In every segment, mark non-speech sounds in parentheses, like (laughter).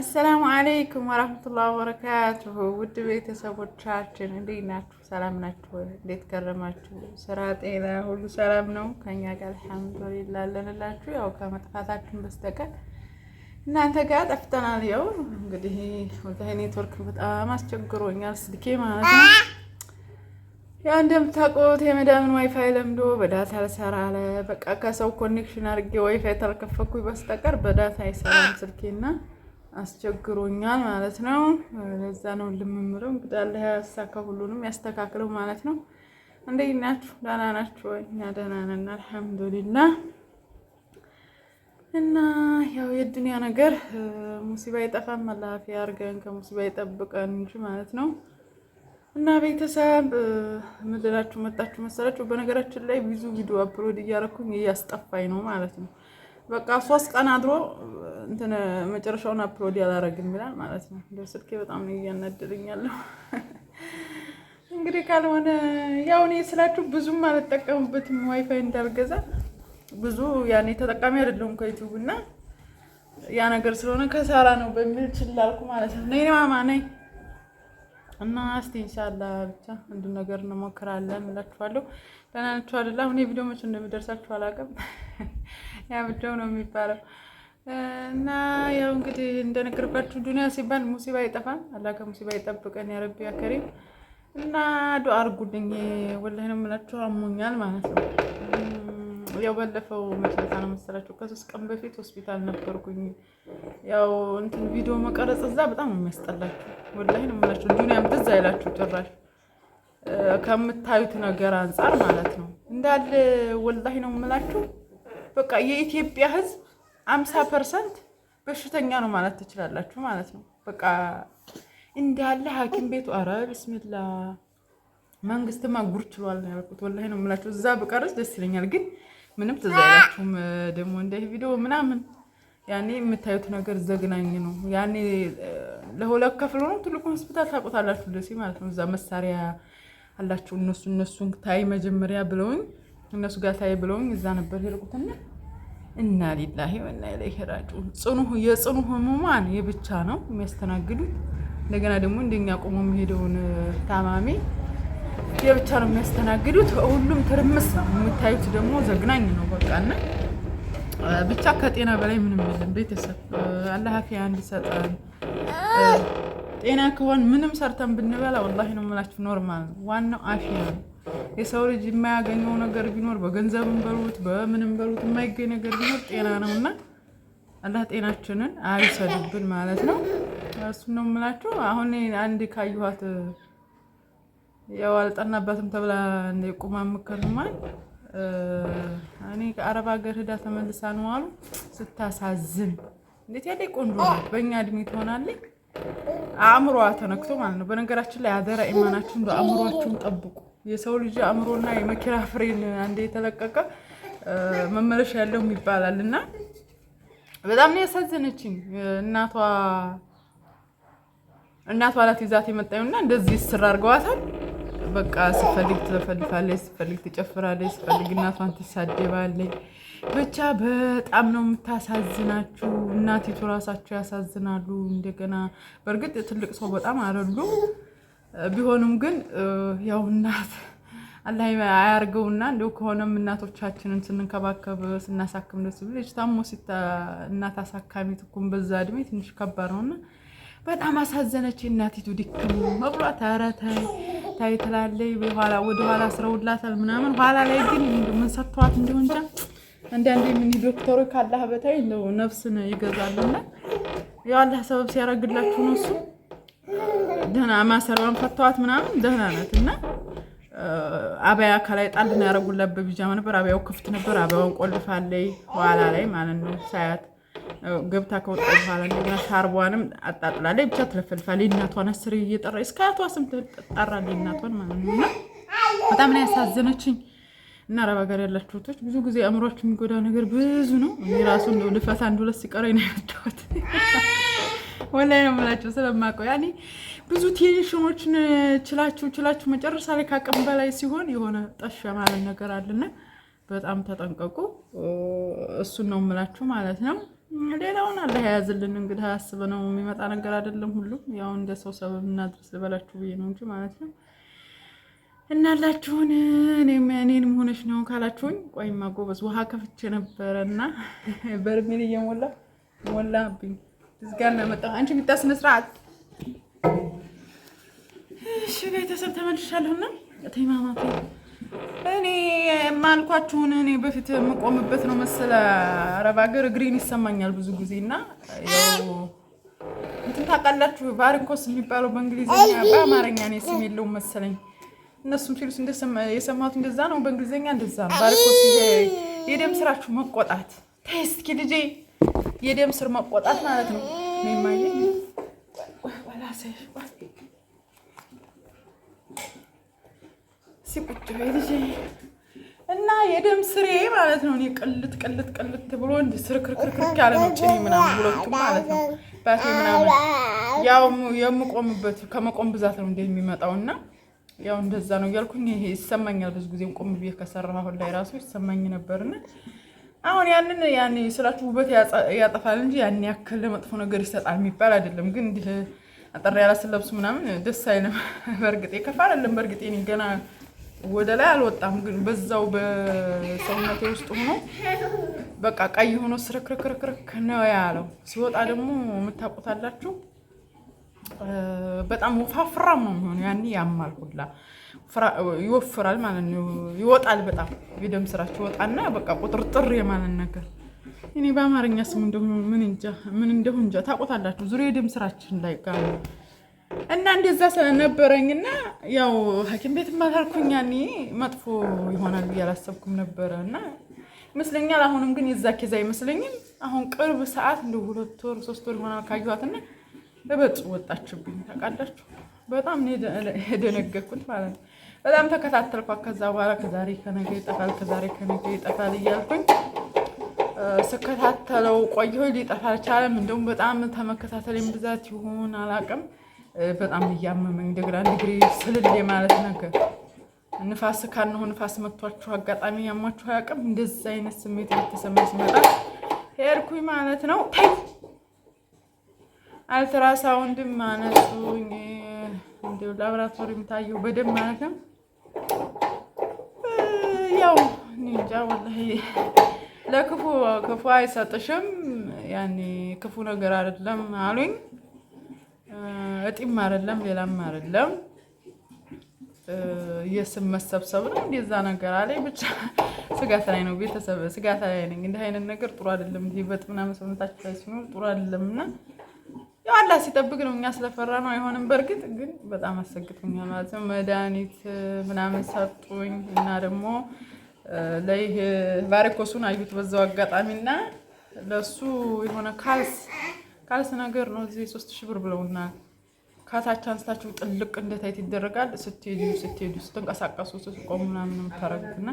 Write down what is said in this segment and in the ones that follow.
አሰላሙ አለይኩም ወረህመቱላህ ወበረካቱሁ ውድ ቤተሰቦቻችን እንዴት ናችሁ? ሰላም ናችሁ? እንዴት ከረማችሁ? ስራ፣ ጤና ሁሉ ሰላም ነው? ከኛ ጋር አልሐምዱሊላህ አለንላችሁ። ያው ከመጥፋታችን በስተቀር እናንተ ጋር ጠፍተናል። ያው እንግዲህ ኔትወርክ በጣም አስቸግሮኛል ስልኬ ማለት ነው። ያው እንደምታውቁት የመዳምን ዋይፋይ ለምዶ በዳታ ልሰራ አለ። በቃ ከሰው ኮኔክሽን አድርጌ ዋይፋይ ተልከፈኩኝ በስተቀር በዳታ አይሰራም ስልኬና አስቸግሮኛል ማለት ነው። ለዛ ነው ልምምለው እንግዲህ አለ ያሳካ ሁሉንም ያስተካክለው ማለት ነው። እንዴት ናችሁ? ደህና ናችሁ ወይ? እኛ ደህና ነን አልሐምዱሊላህ። እና ያው የዱንያ ነገር ሙሲባ ይጠፋን መላፊ አድርገን ከሙሲባ ይጠብቀን እንጂ ማለት ነው። እና ቤተሰብ ምድላችሁ መጣችሁ መሰላችሁ። በነገራችን ላይ ብዙ ቪዲዮ አፕሎድ እያደረኩኝ እያስጠፋኝ ነው ማለት ነው በቃ ሶስት ቀን አድሮ እንትን መጨረሻውን አፕሎድ ያላረግም ይላል ማለት ነው። እንደ ስልኬ በጣም ነው እያናደደኛለሁ። እንግዲህ ካልሆነ ያው እኔ ስላችሁ ብዙም አልጠቀምበትም ዋይፋይ እንዳልገዛ ብዙ ያኔ ተጠቃሚ አይደለሁም ከዩቲዩብ እና ያ ነገር ስለሆነ ከሳራ ነው በሚል ችላልኩ ማለት ነው። ነይ ማማ ነይ እና እስቲ እንሻላ ብቻ አንድ ነገር እንሞክራለን እላችኋለሁ። ደህና ናችሁ አይደል? አሁን የቪዲዮ መቼ እንደሚደርሳችሁ አላውቅም። ያብደው ነው የሚባለው። እና ያው እንግዲህ እንደነገርኳችሁ ዱኒያ ሲባል ሙሲባ አይጠፋም። አላህ ከሙሲባ ይጠብቀን ያረቢ ያከሪም። እና ዱአ አርጉልኝ ወላሂ ነው የምላችሁ። አሞኛል ማለት ነው። ያው ባለፈው መጨረሻ ነው መሰላችሁ ከሶስት ቀን በፊት ሆስፒታል ነበርኩኝ። ያው እንትን ቪዲዮ መቀረጽ እዛ በጣም የሚያስጠላችሁ ወላሂ ነው የምላችሁ። ዱኒያም ትዝ አይላችሁ ጭራሽ ከምታዩት ነገር አንጻር ማለት ነው። እንዳለ ወላሂ ነው የምላችሁ በቃ የኢትዮጵያ ህዝብ አምሳ ፐርሰንት በሽተኛ ነው ማለት ትችላላችሁ ማለት ነው። በቃ እንዳለ ሐኪም ቤቱ አረ ብስሚላ መንግስትማ ጉር ችሏል ነው ያልኩት። ወላሂ ነው የምላቸው። እዛ በቀረስ ደስ ይለኛል፣ ግን ምንም ትዛላችሁም ደግሞ እንደ ቪዲዮ ምናምን ያኔ የምታዩት ነገር ዘግናኝ ነው። ያኔ ለሁለት ከፍሎ ነው ትልቁ ሆስፒታል ታቆታላችሁ ደሴ ማለት ነው። እዛ መሳሪያ አላችሁ እነሱ እነሱን ታይ መጀመሪያ ብለውኝ እነሱ ጋር ታይ ብለውኝ እዛ ነበር የሄድኩትና እና ሊላሂ ወና ኢለይሂ ራጂዑን። ጽኑ የጽኑ ህሙማን የብቻ ነው የሚያስተናግዱት። እንደገና ደግሞ እንደኛ ቆሞ የሚሄደውን ታማሚ የብቻ ነው የሚያስተናግዱት። ሁሉም ትርምስ ነው የምታዩት። ደግሞ ዘግናኝ ነው በቃና ብቻ ከጤና በላይ ምንም የለም። ቤተሰብ አላህ አፊያ እንዲሰጠን ጤና ከሆን ምንም ሰርተን ብንበላ ወላሂ ነው የምላችሁ ኖርማል ነው። ዋናው አፊያ ነው። የሰው ልጅ የማያገኘው ነገር ቢኖር በገንዘብም በሉት በምንም በሉት የማይገኝ ነገር ቢኖር ጤና ነው እና አላህ ጤናችንን አይሰድብን ማለት ነው። እሱ ነው የምላችሁ። አሁን አንድ ካየኋት ያው አልጠናባትም ተብላ ቁማ ምከርማል እኔ ከአረብ ሀገር ሂዳ ተመልሳ ነው አሉ። ስታሳዝን እንዴት ያለ ቆንጆ በእኛ እድሜ ትሆናለች። አእምሮ ተነክቶ ማለት ነው። በነገራችን ላይ አደራ ኢማናችሁን በአእምሯችሁን ጠብቁ። የሰው ልጅ አእምሮና የመኪና ፍሬን አንዴ የተለቀቀ መመለሻ ያለው ይባላል እና በጣም ነው ያሳዘነችኝ። እናቷ እናቷ አላት ይዛት የመጣዩና እንደዚህ ስር አድርገዋታል። በቃ ስፈልግ ትፈልፋለች፣ ስፈልግ ትጨፍራለች፣ ስፈልግ እናቷን ትሳደባለች። ብቻ በጣም ነው የምታሳዝናችሁ እናቲቱ ራሳቸው ያሳዝናሉ። እንደገና በእርግጥ ትልቅ ሰው በጣም አረሉ ቢሆንም ግን ያው እናት አላህ አያርገውና እንደው ከሆነም እናቶቻችንን ስንንከባከብ ስናሳክም ደስ ብሎ ልጅ ታሞ እናት አሳካሚ ትኩም በዛ እድሜ ትንሽ ከባድ ነውና በጣም አሳዘነች እናቲቱ። ድክም መብሏት ኧረ ተይ ታይ ትላለች። በኋላ ወደ ኋላ አስረውላታል ምናምን። ኋላ ላይ ግን ምን ሰጥተዋት እንደሆነ እንጃ። አንዳንዴ ምን ዶክተሩ ካላህ በታይ እንደው ነፍስን ይገዛሉና ያው አላህ ሰበብ ሲያረግላችሁ ነው እሱ ደህና ማሰሪዋን ፈተዋት ምናምን ደህና ናት እና አበያ ከላይ ጣል ነው ያደረጉላት ነበር። አበያው ክፍት ነበር። አበያውን ቆልፋለይ ኋላ ላይ ማለት ነው ሳያት ገብታ ከወጣ በኋላ እንደገና ሻርቧንም አጣጥላለይ ብቻ ትለፈልፋለይ። እናቷን አስር እየጠራ እስከ አያቷ ስም ትጠራለይ እናቷን ማለት ነው እና በጣም ነው ያሳዘነችኝ። እና አረብ ሀገር ያላችሁ እህቶች ብዙ ጊዜ አእምሯችሁ የሚጎዳ ነገር ብዙ ነው። እኔ ራሱ ልፈታ አንድ ሁለት ሲቀረኝ ነው ያለሁት። ወላሂ ነው የምላቸው ስለማውቀው። ያኔ ብዙ ቴንሽኖችን ችላችሁ ችላችሁ መጨረሻ ላይ ካቅም በላይ ሲሆን የሆነ ጠሸ ማለት ነገር አለና በጣም ተጠንቀቁ። እሱን ነው የምላችሁ ማለት ነው። ሌላውን አላህ ያዝልን። እንግዲህ አስበ ነው የሚመጣ ነገር አይደለም። ሁሉም ያው እንደ ሰው ሰበብ እናድርስ ልበላችሁ ብዬ ነው እንጂ ማለት ነው። እናላችሁን እኔንም ሆነች ነው ካላችሁኝ፣ ቆይማ ጎበዝ ውሃ ከፍቼ ነበረና በርሜል እየሞላ ሞላብኝ። እዚህ ጋር ነው ያመጣሁት። አንቺ የምታስነ ስርዓት። እሺ ቤተሰብ ተመልሻለሁና ተይማማቱ እኔ የማልኳችሁን እኔ በፊት የምቆምበት ነው መሰለ አረብ ሀገር እግሬን ይሰማኛል ብዙ ጊዜ እና እንትን ታውቃላችሁ ቫሪኮስ የሚባለው በእንግሊዝኛ በአማርኛ እኔ ስም የለውም መሰለኝ። እነሱም ሲሉት የሰማሁት እንደዛ ነው፣ በእንግሊዝኛ እንደዛ ነው። ቫሪኮስ የደም ስራችሁ መቆጣት። ተይ እስኪ ልጄ የደም ስር መቆጣት ማለት ነው። እና የደም ስሬ ማለት ነው። እኔ ቅልት ቅልት ቅልት ብሎ እንዲህ ስርክርክርክ ያለ ነው ጭኔ ምናምን ሁለቱም ማለት ነው። ባቴ ምናምን ያው የምቆምበት ከመቆም ብዛት ነው እንደ የሚመጣው እና ያው እንደዛ ነው እያልኩኝ ይሄ ይሰማኛል። ብዙ ጊዜም ቆም ብዬ ከሰራ አሁን ላይ ራሱ ይሰማኝ ነበርና አሁን ያንን ያን ስላችሁ ውበት ያጠፋል እንጂ ያን ያክል ለመጥፎ ነገር ይሰጣል የሚባል አይደለም። ግን እንዲህ አጠር ያለ ስለብሱ ምናምን ደስ አይልም። (laughs) በእርግጥ የከፋ አይደለም። በእርግጥ እኔ ገና ወደ ላይ አልወጣም፣ ግን በዛው በሰውነቴ ውስጥ ሆኖ በቃ ቀይ ሆኖ ስርክርክርክርክ ነው ያለው። ሲወጣ ደግሞ የምታውቁታላችሁ በጣም ወፋፍራም ነው የሚሆነው። ያኔ ያማል ሁላ ይወፍራል ማለት ነው። ይወጣል በጣም የደም ስራቸው ይወጣና በቃ ቁጥርጥር የማለት ነገር እኔ በአማርኛ ስሙ ምን እንደሁ እንጃ ታቆታላችሁ። ዙሪያ የደም ስራችን ላይ ጋር እና እንደዛ ስለነበረኝና ያው ሐኪም ቤት ማልኩኝ ያኔ መጥፎ ይሆናል እያላሰብኩም አላሰብኩም ነበረ እና ይመስለኛል አሁንም ግን የዛ ኬዝ አይመስለኝም። አሁን ቅርብ ሰዓት እንደ ሁለት ወር ሶስት ወር ይሆናል ካየኋትና እበጥ ወጣችብኝ ታውቃላችሁ። በጣም የደነገኩት ማለት ነው። በጣም ተከታተልኳት። ከዛ በኋላ ከዛሬ ከነገ ይጠፋል፣ ከዛሬ ከነገ ይጠፋል እያልኩኝ ስከታተለው ቆየሁ። ሊጠፋ አልቻለም። እንደውም በጣም ተመከታተል ብዛት ይሆን አላውቅም፣ በጣም እያመመኝ እንደገና ዲግሪ ስልል ማለት ነገር ንፋስ ካልነው ንፋስ መቷችሁ አጋጣሚ ያሟችሁ አያውቅም። እንደዚህ አይነት ስሜት የተሰማ ሲመጣ ሄድኩኝ ማለት ነው። አልትራሳውንድም አነሱኝ እንዲሁ ላብራቶሪ የምታየው በደንብ ማለት ያው እንጃ ወላሂ ለክፉ ክፉ አይሰጥሽም፣ ያኔ ክፉ ነገር አይደለም አሉኝ። እጢም አይደለም ሌላም አይደለም የስም መሰብሰብ ነው እንደዛ ነገር አለ። ብቻ ስጋት ላይ ነው ቤተሰብ ስጋት ላይ ነኝ። እንዲህ አይነት ነገር ጥሩ አይደለም። ይበጥ በጥምና ሰውነታችሁ ላይ ሲኖር ጥሩ አይደለምና አላህ ሲጠብቅ ነው። እኛ ስለፈራ ነው አይሆንም። በእርግጥ ግን በጣም አሰግቶኛል ማለት ነው። መድኃኒት ምናምን ሰጡኝ እና ደግሞ ለይህ ቫሪኮሱን አዩት በዛው አጋጣሚ እና ለእሱ የሆነ ካልስ ካልስ ነገር ነው። እዚህ ሶስት ሺህ ብር ብለውና ከታች አንስታችሁ ጥልቅ እንደታይት ይደረጋል። ስትሄዱ ስትሄዱ ስትንቀሳቀሱ ስትቆሙ ምናምን የምታረጉት እና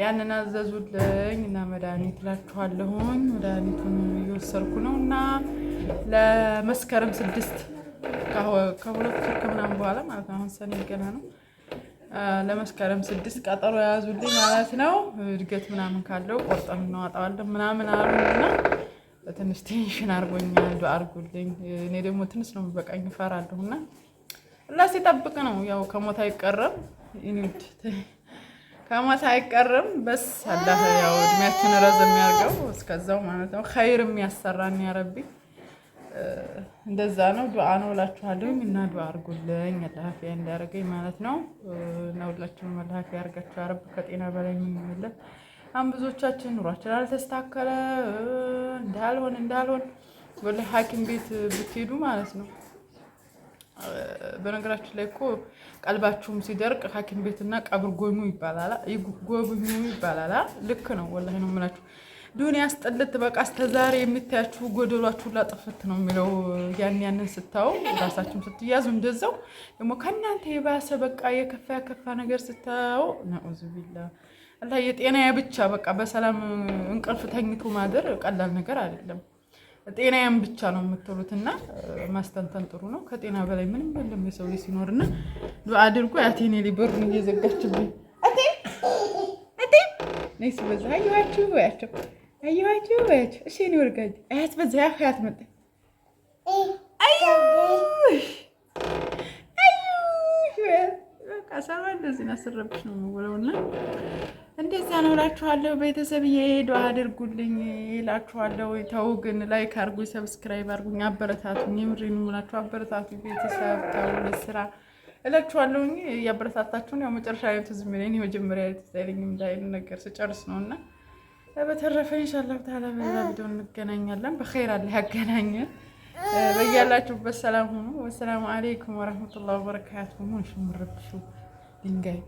ያንን አዘዙልኝ እና መድኃኒት እላችኋለሁኝ። መድኃኒቱን እየወሰድኩ ነው እና ለመስከረም ስድስት ከሁለት ወር ከምናምን በኋላ ማለት ነው። አሁን ሰኔ ገና ነው። ለመስከረም ስድስት ቀጠሮ የያዙልኝ ማለት ነው። እድገት ምናምን ካለው ቆርጠን እናወጣዋለን ምናምን አሉና በትንሽ ቴንሽን አድርጎኛል። ዱአ አድርጉልኝ። እኔ ደግሞ ትንሽ ነው በቃኝ፣ እፈራለሁ እና እና ሲጠብቅ ነው ያው ከሞት አይቀርም ኢኒድ ከሞት አይቀርም። በስ አላህ ያው እድሜያችን ረዘም ያርገው እስከዛው ማለት ነው። ኸይር የሚያሰራን ያረቢ እንደዛ ነው። ዱዓ ነው እላችኋለሁኝ እና ዱዓ አድርጉልኝ አላፊያ እንዲያደርገኝ ማለት ነው። እና ሁላችሁም አላፊያ ያርጋችሁ አረብ ከጤና በላይ የምንመለት አሁን ብዙዎቻችን ኑሯችን አልተስተካከለ እንዳልሆን እንዳልሆን ወደ ሐኪም ቤት ብትሄዱ ማለት ነው። በነገራችን ላይ እኮ ቀልባችሁም ሲደርቅ ሐኪም ቤትና ቀብር ጎብኙ ይባላል። ልክ ነው። ወላሂ ነው የምላችሁ ዱንያ አስጠልት በቃ እስከዛሬ የምታያችሁ ጎደሏችሁ ሁላ ጥፍት ነው የሚለው። ያን ያንን ስታው ራሳችሁም ስትያዙ እንደዛው ደግሞ ከእናንተ የባሰ በቃ የከፋ ያከፋ ነገር ስታው ነዑዙ ቢላ አላ የጤናዬ ብቻ በቃ በሰላም እንቅልፍ ተኝቶ ማደር ቀላል ነገር አይደለም። ጤናዬም ብቻ ነው የምትሉትና ማስተንተን ጥሩ ነው። ከጤና በላይ ምንም የለም የሰው ልጅ ሲኖርና ዱአ አድርጉ። አቴኔ ሊበሩን እየዘጋችብኝ ነይ ስበዛ ያችሁ ያቸው አየኋቸው አያቸው። እሺ እኔ ወርጋጅ አያት በዛ አያት መጣ። አዩ በቃ ሰባ እንደዚህ ናስረብሽ ነው የምውለውና እንደዛ ነው እላችኋለሁ። ቤተሰብዬ ዱአ አድርጉልኝ እላችኋለሁ። ተው ግን ላይክ አድርጉኝ፣ ሰብስክራይብ አድርጉኝ፣ አበረታቱኝ። የምሬን የምላችሁ አበረታቱኝ። ቤተሰብ ተው ለስራ እላችኋለሁኝ። ያበረታታችሁን ያው መጨረሻ ላይ ትዝ የሚለኝ የመጀመሪያ ትዝ አይለኝም። ዳይል ነገር ስጨርስ ነውና በተረፈ ኢንሻአላህ ተዓላ በዛ ቪዲዮ እንገናኛለን። በኸይር አለ ያገናኘን። በያላችሁበት ሰላም ሁኑ። ወሰላሙ አለይኩም ወራህመቱላሂ ወበረካቱሁ። ምን ሽምርብሹ ድንጋይ